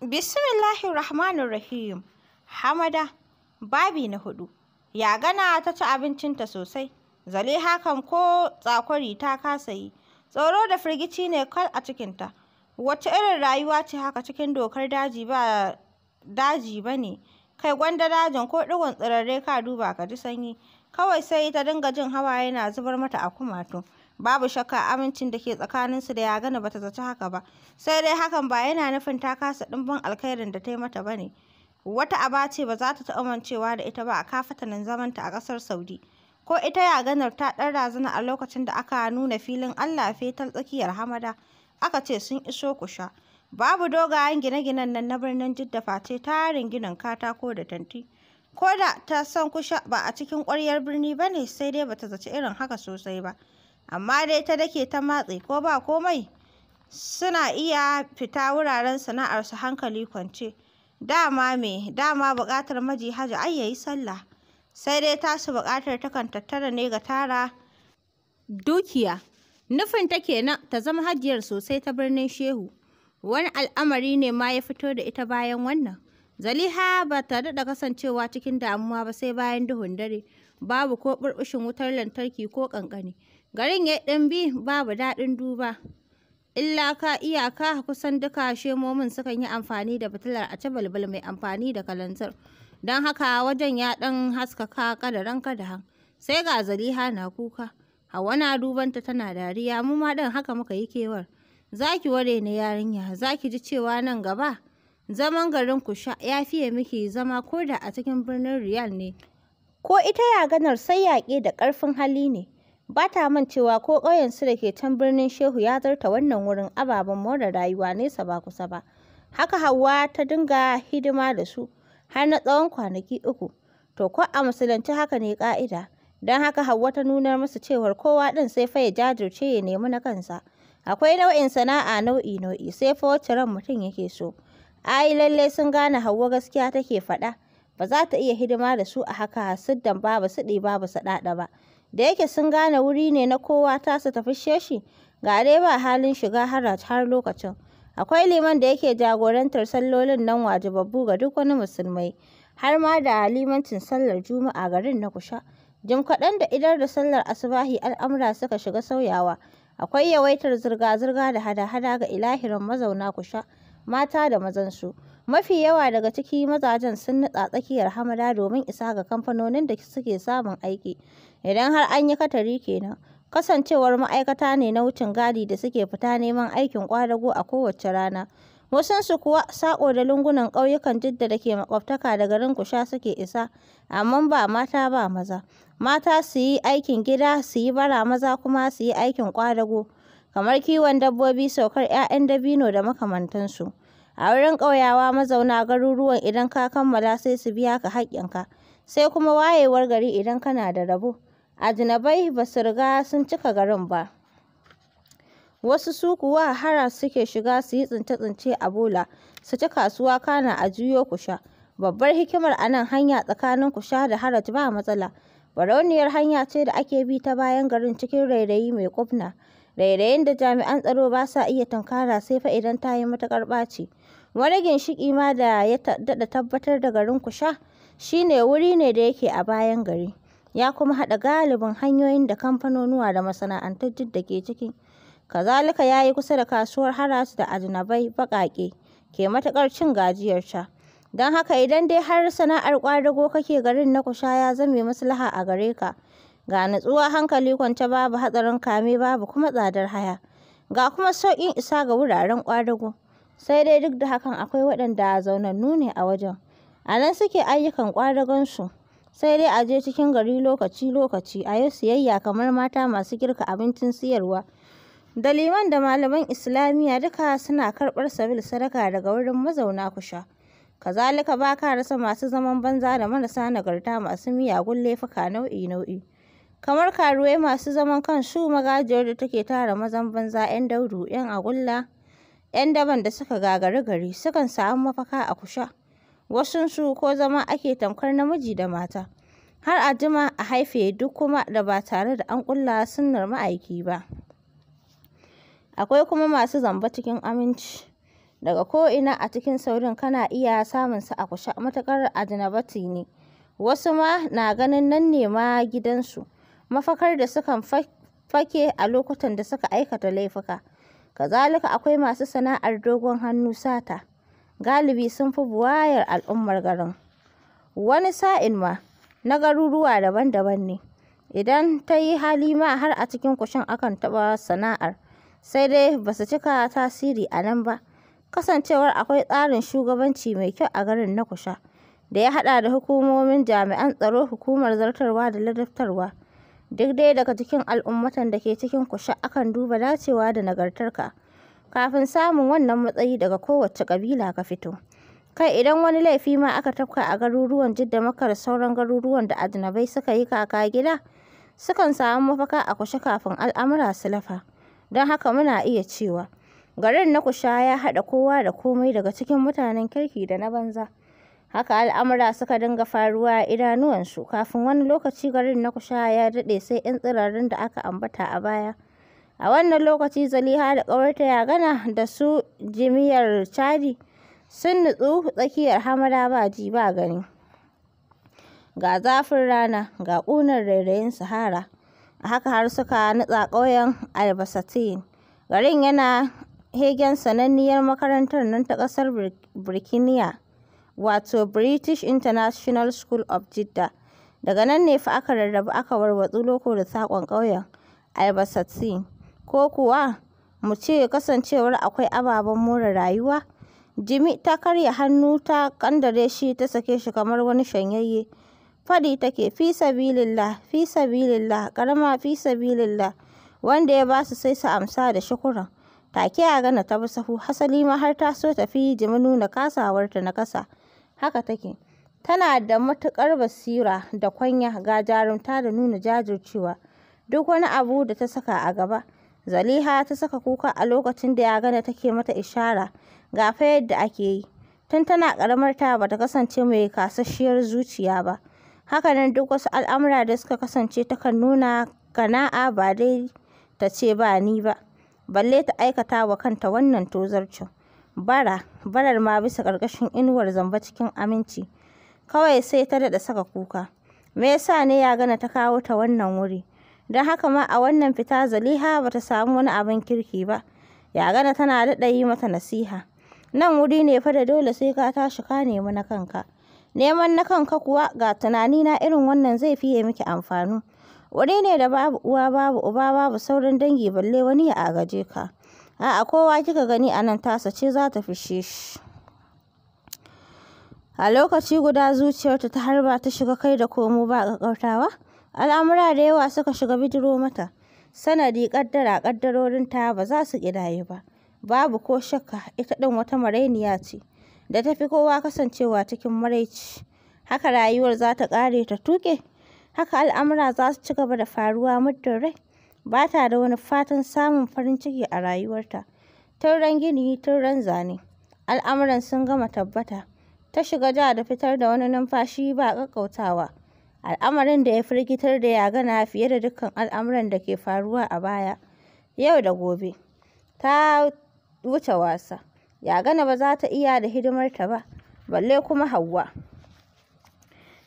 bismillahi Rahmanir Rahim. Hamada, babi na hudu. Ya gana ta ci abincinta sosai. Zale hakan ko tsakwari ta kasa yi. Tsoro da firgici ne kal a cikinta. wata irin rayuwa ce haka cikin dokar daji ba daji ba ne. Kai gwanda dajin ko ɗigon tsirarre ka duba ka ji sanyi. kawai sai ta dinga jin hawaye na zubar mata a kumatu babu shakka amincin da ke tsakaninsu da ya gani bata zaci haka ba sai dai hakan ba yana nufin ta kasa ɗimbin alkhairin da ta yi mata bane wata aba ce ba za ta taɓa amincewa da ita ba a kafatanin ta a ƙasar saudi ko ita ya ganar ta ɗan razana a lokacin da aka nuna filin allah fetal tsakiyar hamada aka ce sun iso kusha babu dogayen gine-ginen nan na birnin jidda face tarin ginin katako da tanti Ko da ta san Kusha ba a cikin ƙwaryar birni ba ne, sai dai bata zaci irin haka sosai ba. Amma dai ta dake ta matse ko ba komai, suna iya fita wuraren sana'ar su hankali kwance. Dama me, dama buƙatar maji haji ai yayi sallah. Sai dai tasu buƙatar takan tattara ne ga tara dukiya. Nufin ta kenan ta zama hajiyar sosai ta birnin Shehu. Wani al'amari ne ma ya fito da ita bayan wannan. Zaliha ba ta daɗa kasancewa cikin damuwa ba sai bayan duhun dare, babu ko burbushin wutar lantarki ko ƙanƙani. Garin ya ɗan bi babu daɗin duba. Illa ka iyaka kusan duka shemomin sukan yi amfani da fitilar a balbal mai amfani da kalantar? Don haka wajen ya ɗan haskaka da kadahan. Sai ga Zaliha na kuka. Hawa na dubanta tana dariya mu ma ɗan haka muka yi kewar. Za ki ware na yarinya, za ki ji cewa nan gaba zaman garin ku sha ya fiye miki zama ko da a cikin birnin Riyal ne. Ko ita yaganar sai yaƙe da ƙarfin hali ne. Ba ta cewa ko ƙauyensu da ke can birnin Shehu ya zarta wannan wurin ababen more rayuwa nesa ba kusa ba. Haka Hauwa ta dinga hidima da su har na tsawon kwanaki uku. To ko a musulunci haka ne ƙa'ida. Don haka Hauwa ta nuna masa cewar kowa ɗin sai fa ya jajirce ya nemi na kansa. Akwai nau'in sana'a nau'i-nau'i sai fa wacce ran mutum yake so. Ai lallai sun gane Hauwa gaskiya take faɗa. Ba za ta iya hidima da su a haka hasiddan babu ba babu saɗaɗa ba. Da yake sun gane wuri ne na kowa ta su tafi sheshi ga dai ba halin shiga har har lokacin. Akwai liman da yake jagorantar sallolin nan wajibabbu ga duk wani musulmai. Har ma da limancin sallar Juma'a garin na Kusha. Jim kaɗan da idar da sallar asubahi al'amura suka shiga sauyawa. Akwai yawaitar zirga-zirga da hada-hada ga ilahirin mazauna Kusha. mata da mazansu. Mafi yawa daga ciki mazajen sun nutsa tsakiyar hamada domin isa ga kamfanonin da suke samun aiki. Idan har an yi katari kenan. Kasancewar ma'aikata ne na wucin gadi da suke fita neman aikin ƙwadago a kowace rana. Wasansu kuwa saƙo da lungunan ƙauyukan Jidda da ke makwabtaka da garin Kusha suke isa, amma ba mata ba maza. Mata su yi aikin gida, su yi bara maza kuma su yi aikin ƙwadago. kamar kiwon dabbobi, saukar 'ya'yan dabino da makamantansu. A wurin ƙauyawa mazauna garuruwan idan ka kammala sai su biya ka haƙƙinka, sai kuma wayewar gari idan kana da rabo. Ajinabai ba su riga sun cika garin ba. Wasu su kuwa hara suke shiga su yi tsince-tsince a bola, su ci kasuwa kana a juyo ku sha" Babbar hikimar a nan hanya tsakanin ku sha da haraj ba matsala. Barauniyar hanya ce da ake bi ta bayan garin cikin rairayi mai ƙufna. rairayin da jami'an tsaro ba sa iya tunkara sai fa idan ta yi matuƙar ɓaci. Wani ginshiƙi ma da ya daɗa tabbatar da garin Kusha shi ne wuri ne da yake a bayan gari, ya kuma haɗa galibin hanyoyin da kamfanonuwa da masana'antar duk da ke ciki. Kazalika ya yi kusa da kasuwar Haras da Ajinabai baƙaƙe ke matuƙar cin gajiyar ta. Don haka idan dai har sana'ar ƙwadago kake garin na Kusha ya zame maslaha a gare ka. Ga natsuwa hankali kwance babu hatsarin kame babu kuma tsadar haya. Ga kuma sauƙin isa ga wuraren ƙwadago. Sai dai duk da hakan akwai waɗanda zaunannu ne a wajen. A nan suke ayyukan ƙwadagonsu. Sai dai a je cikin gari lokaci-lokaci a yi siyayya kamar mata masu girka abincin siyarwa. Da da malaman Islamiyya duka suna karɓar sabil sadaka daga wurin mazauna Kusha. Kazalika ba ka rasa masu zaman banza da marasa nagarta masu miyagun laifuka nau'i-nau'i. kamar karuwai masu zaman kansu magajiyar da take tara mazan banza 'yan daudu 'yan agulla 'yan daban da suka gagari gari sukan samu mafaka a kusha su ko zama ake tamkar namiji da mata har a jima a haife duk kuma da ba tare da an kulla sunnar ma'aiki ba akwai kuma masu zamba cikin aminci daga ko'ina a cikin saurin kana iya samun su a kusha matakar ajinabati ne wasu ma na ganin nan ne ma gidansu mafakar da suka fake a lokutan da suka aikata laifuka. Kazalika akwai masu sana'ar dogon hannu sata, galibi sun fi buwayar al'ummar garin. Wani sa'in ma, na garuruwa daban-daban ne. Idan ta yi hali ma har a cikin kushin akan taɓa sana'ar, sai dai ba su cika tasiri a nan ba. Kasancewar akwai tsarin shugabanci mai kyau a garin na kusha, da ya haɗa da hukumomin jami'an tsaro, hukumar zartarwa da ladabtarwa. duk dai daga cikin al'ummatan da ke cikin kusha akan duba dacewa da nagartarka kafin samun wannan matsayi daga kowace ƙabila ka fito kai idan wani laifi ma aka tafka a garuruwan jidda maka sauran garuruwan da ajinabai suka yi kaka gida sukan samu mafaka a kusha kafin al'amura su lafa don haka muna iya cewa garin na kusha ya haɗa kowa da komai daga cikin mutanen kirki da na banza Haka al'amura suka dinga faruwa a idanuwansu, kafin wani lokaci garin na Kushaya ya daɗe sai 'yan tsirarin da aka ambata a baya. A wannan lokaci Zaliha da ƙawarta gana da su Jimiyar Chadi sun nutsu tsakiyar hamada ba ji ba gani. Ga zafin rana, ga ƙunar rairayin Sahara, a haka har suka nutsa ƙauyen Albasatin. Garin yana hegen sananniyar makarantar nan ta ƙasar Birkiniya wato British International School of Jeddah. Daga nan ne fa aka rarrabu aka warwatsu loko da saƙon ƙauyen Albasatin, ko kuwa mu ce kasancewar akwai ababen more rayuwa. Jimi ta karya hannu ta ƙandare shi ta sake shi kamar wani shanyayye. Faɗi take fi sabilillah, fi sabilillah, ƙarama fi sabilillah. Wanda ya basu sai su amsa da shukuran. Take a gana ta bi sahu, hasali ma har ta so tafi jimi nuna kasawarta na kasa. haka take tana da matukar basira da kwanya ga jarumta da nuna jajircewa duk wani abu da ta saka a gaba Zaliha ta saka kuka a lokacin da ya Yagana take mata ishara ga fa yadda ake yi. Tun tana ƙaramar ta ba ta kasance mai kasasshiyar zuciya ba. Hakanan duk wasu al'amura da suka kasance takan nuna kana'a ba dai ta ce ba ni ba. Balle ta aikata wa kanta wannan tozarcin. bara, barar ma bisa ƙarƙashin inuwar zamba cikin aminci. Kawai sai ta daɗa saka kuka. Me yasa ne ya gana ta kawo ta wannan wuri? Don haka ma a wannan fita Zaliha ba ta samu wani abin kirki ba. Ya gana tana daɗa yi mata nasiha. Nan wuri ne fa da dole sai ka tashi ka nemi na kanka. Neman na kanka kuwa ga tunani na irin wannan zai fiye miki amfanu. Wuri ne da babu uwa babu uba babu sauran dangi balle wani ya agaje ka. A'a kowa kika gani a nan tasa ce za ta fishe shi. A lokaci guda zuciyarta ta harba ta shiga kai da komo ba ƙaƙƙautawa. Al'amura da yawa suka shiga bidiro mata. Sanadi ƙaddara ta ba za su ƙidaye ba. Babu ko shakka ita ɗin wata marainiya ce da ta fi kowa kasancewa cikin maraici. Haka rayuwar za ta ƙare ta tuƙe. Haka al'amura za su ci gaba da faruwa muddin rai. ba ta da wani fatan samun farin ciki a rayuwarta. Tun gini, tun zane, al'amuran sun gama tabbata. Ta shiga ja da fitar da wani numfashi ba ƙaƙƙautawa. Al'amarin da ya firgitar da ya gana fiye da dukkan al'amuran da ke faruwa a baya. Yau da gobe, ta wuce wasa. Ya gana ba za ta iya da hidimarta ba, balle kuma Hauwa.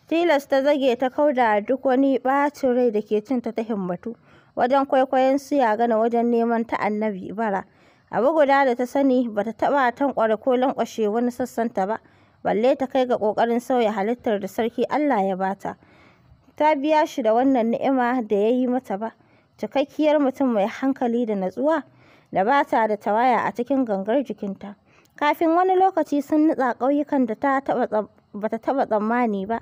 Tilas ta zage ta kauda duk wani ɓacin rai da ke cinta ta himmatu. wajen kwaikwayon suya gana wajen neman ta Annabi bara. Abu guda da ta sani ba ta taɓa tankware ko lankwashe wani sassanta ba, balle ta kai ga ƙoƙarin sauya halittar da sarki Allah ya bata. Ta biya shi da wannan ni'ima da ya yi mata ba, cikakkiyar mutum mai hankali da natsuwa da ba ta da tawaya a cikin gangar jikinta. Kafin wani lokaci sun nutsa ƙauyukan da ba ta taɓa tsammani ba.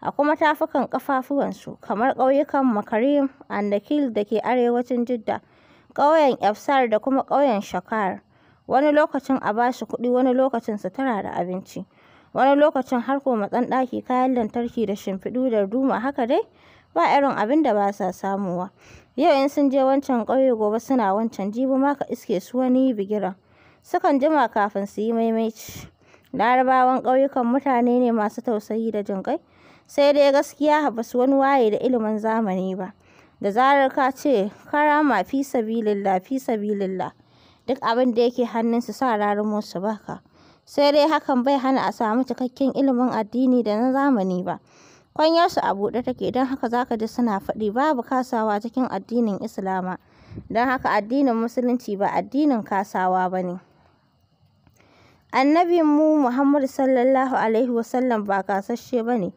a kuma tafukan kafafuwansu kamar ƙauyukan Makarim and da ke arewacin Jidda, ƙauyen Efsar da kuma ƙauyen Shakar. Wani lokacin a ba shi kuɗi, wani lokacin sutura da abinci, wani lokacin har matsan ɗaki, kayan lantarki da shimfiɗu da duma haka dai ba irin abin da ba sa samuwa. Yau in sun je wancan ƙauye gobe suna wancan, jibi ma ka iske su wani bigiran. Sukan jima kafin su yi maimaici. Larabawan ƙauyukan mutane ne masu tausayi da jinƙai, sai dai gaskiya ba su wani waye da ilimin zamani ba. Da zarar ka ce karama fi sabilillah fi sabilillah duk abin da yake hannunsu sa rarumo su baka. Sai dai hakan bai hana a samu cikakken ilimin addini da na zamani ba. Kwanyarsu a buɗe take don haka za ka ji suna faɗi babu kasawa cikin addinin Islama. Don haka addinin Musulunci ba addinin kasawa ba ne. annabinmu Muhammadu sallallahu Alaihi wasallam ba gasasshe ba ne.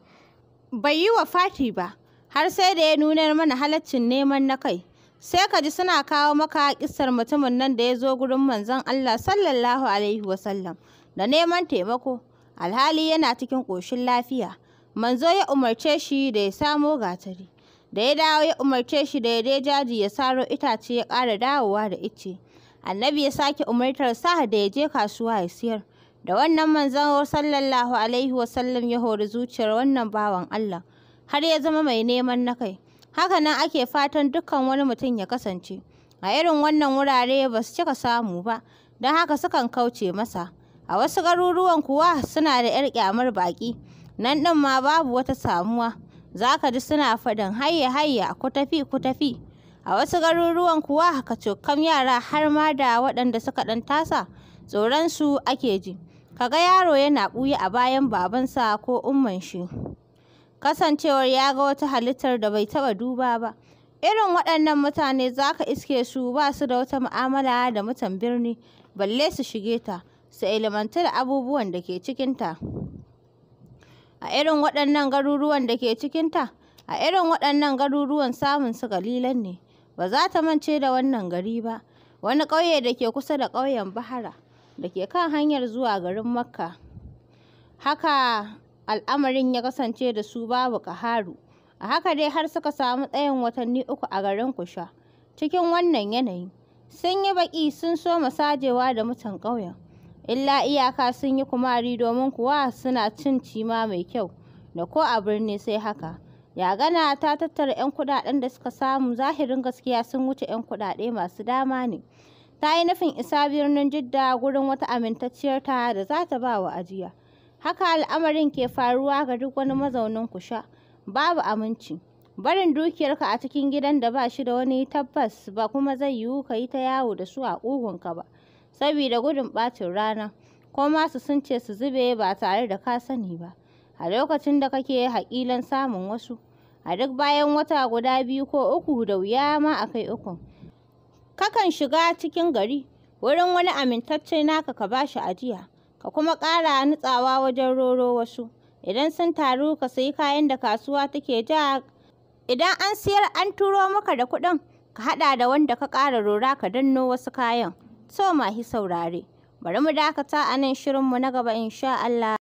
Bai yi wa fati ba, har sai da ya nunar mana halaccin neman na kai. Sai ka ji suna kawo maka kisar mutumin nan da ya zo gurin manzon Allah sallallahu Alaihi wasallam da neman taimako, alhali yana cikin ƙoshin lafiya. Manzo ya umarce shi da ya samo gatari, da ya dawo ya umarce shi da ya dai jaji ya saro itace ya ƙara dawowa da ice. Annabi ya sake umartar saha da ya je kasuwa ya siyar. Da wannan manzon sallallahu alaihi wasallam ya hori zuciyar wannan bawan Allah har ya zama mai neman na kai. Haka nan ake fatan dukkan wani mutum ya kasance. A irin wannan wurare ba su cika samu ba, don haka sukan kauce masa. A wasu garuruwan kuwa suna da 'yar kyamar baƙi, nan ɗin ma babu wata samuwa. Za ka ji suna faɗin hayya hayya ku tafi ku tafi. A wasu garuruwan kuwa ka cokan yara har ma da waɗanda suka ɗan tasa tsoronsu ake ji. kaga yaro yana ɓuya a bayan babansa ko umman shi. Kasancewar ya ga wata halittar da bai taɓa duba ba. Irin waɗannan mutane za ka iske su ba su da wata mu'amala da mutan birni, balle su shige ta, su ilimanta da abubuwan da ke cikinta. A irin waɗannan garuruwan da ke cikinta, a irin waɗannan garuruwan samun su ƙalilan ne. ba za ta mance da wannan gari ba wani ƙauye da ke kusa da ƙauyen bahara da ke kan hanyar zuwa garin makka haka al'amarin ya kasance da su babu Kaharu, a haka dai har suka samu tsayin watanni uku a garin kusha cikin wannan yanayi sun yi baƙi sun so sajewa da mutan ƙauyen illa iyaka sun yi kumari domin kuwa suna cin cima mai kyau da ko a birni sai haka ya gana ta tattara 'yan kuɗaɗen da suka samu zahirin gaskiya sun wuce 'yan kuɗaɗe masu dama ne. Ta yi nufin isa birnin Jidda gurin wata amintacciyar ta da za ta ba wa ajiya. Haka al'amarin ke faruwa ga duk wani mazaunin Kusha. Babu aminci. Barin dukiyarka a cikin gidan da ba shi da wani tabbas ba kuma zai yiwu ka yi ta yawo da su a ƙugunka ba, saboda gudun ɓacin rana, ko masu sun ce su zube ba tare da ka sani ba. a lokacin da kake haƙilan samun wasu. A duk bayan wata guda biyu ko uku da wuya ma a kai ukun. Kakan shiga cikin gari wurin wani amintacce naka ka bashi ajiya, ka kuma ƙara nutsawa wajen roro wasu. Idan sun taru ka sayi kayan da kasuwa take ja, idan an siyar an turo maka da kuɗin ka haɗa da wanda ka ƙara rora ka danno wasu kayan. So mahi saurare, bari mu dakata a nan shirinmu na gaba insha Allah.